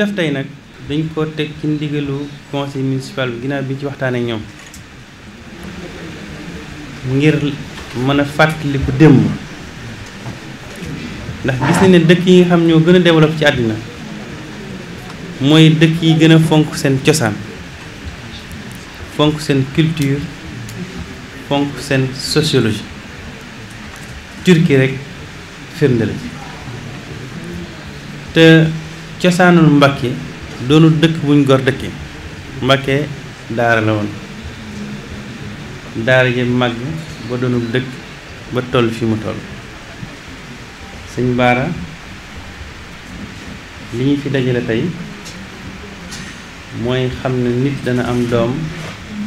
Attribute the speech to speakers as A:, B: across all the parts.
A: def tey nag dañ ko teg ci ndigalu conseil municipal bi ginnaaw bi ci waxtaan ñoom ngir mën a fàttaliku démb ndax gis nañ ne dëkk yi nga xam ñoo gën a développé ci àddina mooy dëkk yi gën a fonk seen cosaan fonk seen culture fonk seen sociologie Turquie rek firnde la te cosaanul Mbàkke doonul dëkk buñ gor dëkke Mbàkke daara la woon daara ji màgg ba doonul dëkk ba toll fi mu toll sëñ Baara li ñu fi dajale tey mooy xam ne nit dana am doom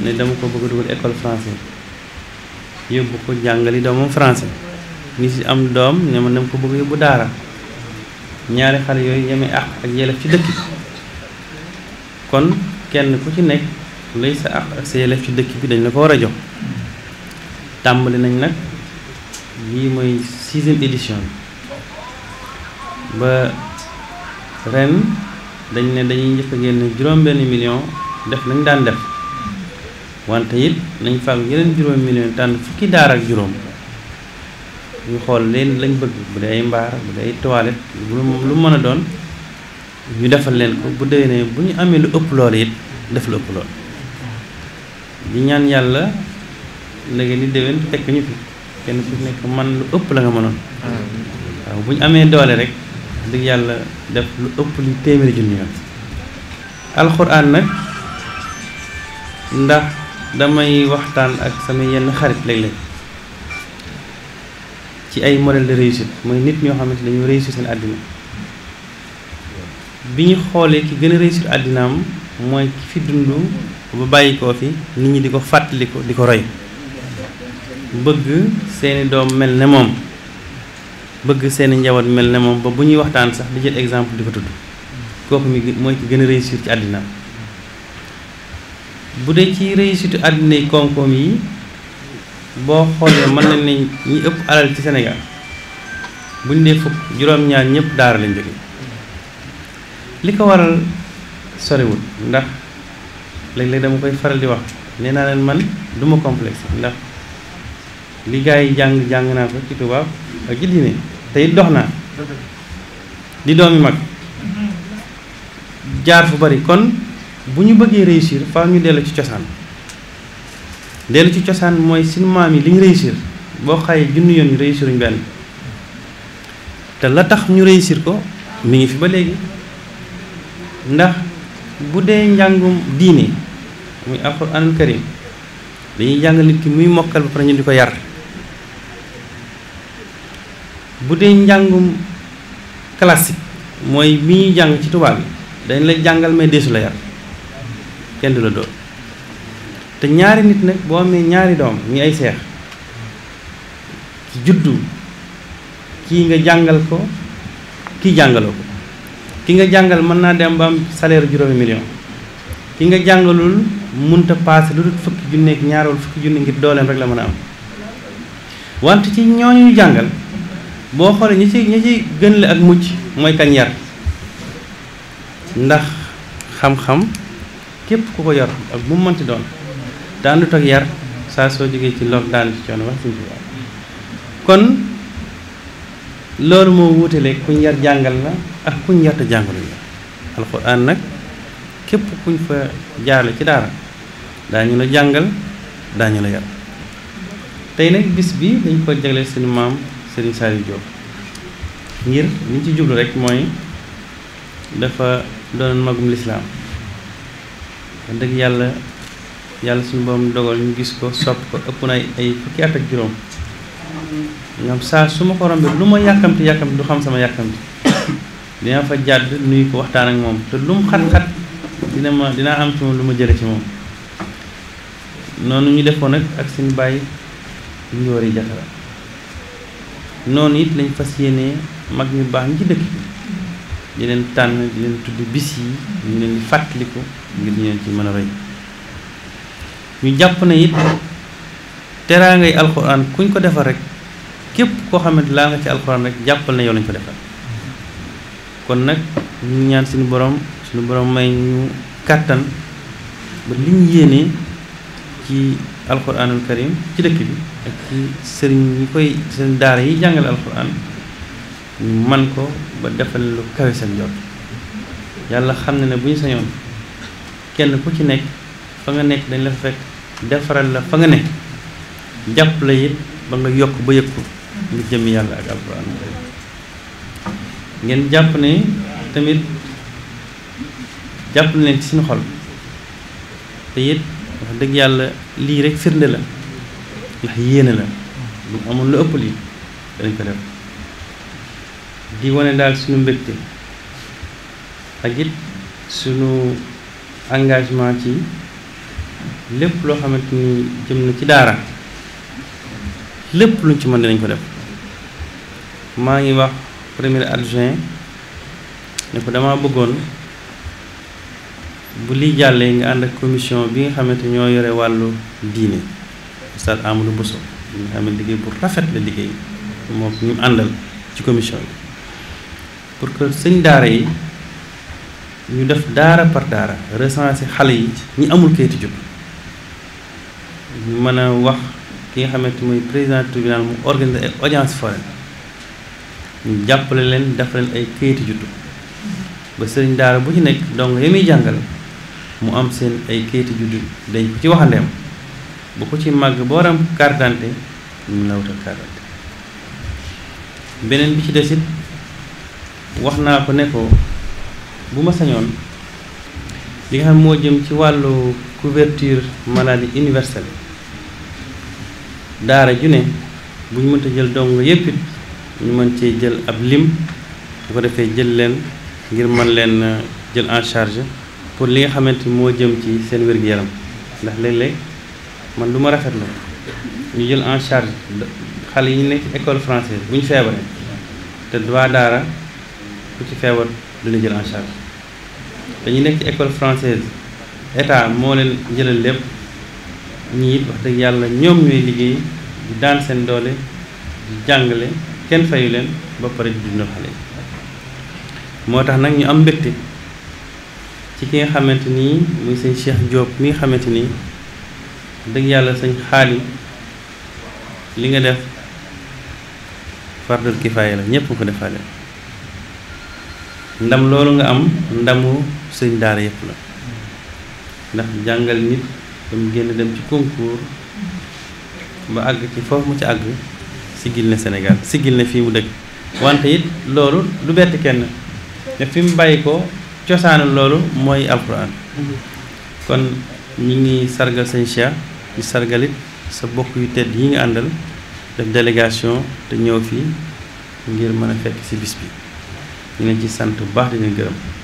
A: ne dama ko bëgg a dugal école français yóbbu ko jàngali doomam français nit si am doom ne man dama ko bëgg yóbbu daara ñaari xale yooyu yeme àq ak yelef ci dëkk kon kenn ku ci nekk lay sa àq ak sa yelef ci dëkk bi dañ la ko war a jox tàmbali nañ nag lii mooy sixième édition bi ba ren dañ ne dañuy njëkk a génn juróom-benn million def nañ daan def wante it nañ fàgg yeneen juróom million tànn fukki daar ak juróom ñu xool leen lañ bëgg bu dee ay mbaar bu dee ay toilette lu mën a doon ñu defal leen ko bu déwénee bu ñu amee lu ëpp loolu it def lu ëpp lool di ñaan yàlla léegi ni déwén fekk ñu fi kenn ku nekk man lu ëpp la nga mënoon waaw bu ñu amee doole rek dëgg yàlla def lu ëpp li téeméeri junni yoon alxuraan nag ndax damay waxtaan ak sama yenn xarit léeg-léeg ci ay modèle de réussite mooy nit ñoo xamante ne dañoo réussir seen àddina bi ñu xoolee ki gën a réussir àddinaam mooy ki fi dund ba bàyyi koo fi nit ñi di ko fàttaliku di ko roy bëgg seeni doom mel ne moom bëgg seeni njaboot mel ne moom ba bu ñuy waxtaan sax di jël exemple di ko tudd kooku mi mooy ki gën a réussir ci àddinaam bu dee ci réussite àddina yi koom yi boo xoolee mën nañ ni ñi ëpp alal ci Sénégal bu ñu dee fukk juróom-ñaar ñëpp daara lañ li ko waral sorewul ndax léeg-léeg dama koy faral di wax nee naa leen man du ma complexe ndax li yi jàng jàng naa ko ci tubaab ak ci diine dox naa di doomi mag jaar fu bari kon bu ñu bëggee réussir faa ñu dell ci cosaan dellu ci cosaan mooy suñu maam yi li ñu réussir boo xayee junni yoon ñu réussir ñu benn te la tax ñu réussir ko mi ngi fi ba léegi ndax bu dee njàngum diine muy alxuraanul karim dañuy jàng nit ki muy mokkal ba pare ñu di ko yar bu dee njàngum classique mooy bi ñuy jàng ci tubaab bi dañ lay jàngal mais deesu la yar kenn du la doon te ñaari nit nag boo amee ñaari doom ñi ay seex juddu kii nga jàngal ko ki jàngaloo ko ki nga jàngal mën naa dem ba am salaire juróomi million ki nga jàngalul munta paase lu dul fukki junne ak ñaar wala fukki junne ngir dooleem rek la mën a am want ci ñooñu ñu jàngal boo xoolee ñi ci ñi ci gën la ak mucc mooy kañ yar ndax xam-xam képp ku ko yor ak bu doon daanu toog yar saa soo jógee ci loolu daanu ci coono wax suñ ci kon loolu moo wuutale kuñ yar jàngal la ak kuñ yarta jàngaluñ la alxuraan nag képp kuñ fa jaarle ci daara daañu la jàngal daañu la yar tey nag bis bi dañ ko jagleel seen maam Serigne Saliou Diop ngir liñ ci jublu rek mooy dafa doon magum lislaam dëgg yàlla yàlla suñu borom dogal ñu gis ko sopp ko ëpp na ay fukki at ak juróom ngam saa su ma ko rombee lu ma yàkkamti yàkkamti du xam sama yàkkamti dina fa jàdd nuyu ko waxtaan ak moom te lu mu xat-xat dina ma dinaa am ci moom lu ma jële ci moom noonu ñu def ko nag ak seen bàyyi njoori jatara noonu it lañ fas yéenee mag ñu baax ñi ci dëkk bi di leen tànn di tudd bis yi ñu leen di fàttaliku ngir ñu leen ci mën a roy ñu jàpp na it teraangay alxuraan kuñ ko defar rek képp koo xam laa nga ci alxuraan rek jàppal na yow lañ ko defal kon nag ñu ñaan suñu boroom suñu boroom may ñu kàttan ba li ñu yéenee ci alxuraanul karim ci dëkk bi ak ci sëriñ yi koy seen daara yi jàngale alxuraan ñu man ko ba defal lu kawe seen jot yàlla xam ne ne bu ñu sañoon kenn ku ci nekk fa nga nekk dañ la fa fekk defaral la fa nga ne jàpp la it ba nga yokk ba yëg mm-hmm. ngir jëmmi yàlla ak alxuraan ngeen jàpp ne tamit jàpp leen ci suñu xol te it wax dëgg yàlla lii rek firnde la ndax yéene la lu amoon lu ëpp lii danañ ko def di wane daal suñu mbégte ak it suñu engagement ci lépp loo xamante ni jëm na ci daara lépp luñ ci mën dinañ ko def maa ngi wax premier adjoint ne ko dama bëggoon bu liy jàllee nga ànd ak commission bi nga xamante ñoo yore wàllu diine Oustaz Amadou Bousso bi nga xam ne liggéey bu rafet la liggéey moo ñu àndal ci commission bi pour que sëñ daara yi ñu def daara par daara recenser xale yi ñi amul kayitu jub mën a wax ki nga xamante mooy président tribunal mu organiser ay audience foraine ñu jàppale leen def leen ay këyitu juddu ba sëriñ daara bu ci nekk donc ya muy jàngal mu am seen ay kayitu juddu dañ ko ci waxandeem bu ko ci màgg ba war am carte d'identité ñu wutal carte beneen bi ci des it wax naa ko ne bu ma sañoon li nga xam moo jëm ci wàllu couverture maladie universelle daara ju ne bu ñu mënta jël dong yépp it ñu mën cee jël ab lim bu ko defee jël leen ngir man leen euh, jël en charge pour li nga xamante moo jëm ci seen wér-gu-yaram ndax léeg-léeg man lu ma rafetlu ñu jël en charge xale yi ne ci école française bu ñu feebaree te waa daara ku ci feebar dina jël en charge dañuy nekk ci école française état moo leen jëlal lépp ñii it wax dëgg yàlla ñoom ñooy liggéey di daan seen doole di jàngale kenn fayu leen ba pare di dundal xale yi moo tax nag ñu am mbégte ci ki nga xamante nii muy seen Cheikh Diop mi nga xamante nii dëgg yàlla sëñ xaali li nga def fardul kifaaya la ñépp ko defaale ndam loolu nga am ndamu sëñ daara yëpp la ndax jàngal nit ba mu génn dem ci concours ba àgg ci foofu mu ci àgg siggil na Sénégal siggil na fii mu dëkk wante it loolu du bett kenn te fi bàyyi ko cosaanu loolu mooy alxuraan kon ñi ngi sargal sëñ Cheikh di sargalit sa bokk yu tedd yi nga àndal def délégation te ñëw fii ngir mën a fekk ci bis bi ñu leen ci sant bu baax di leen gërëm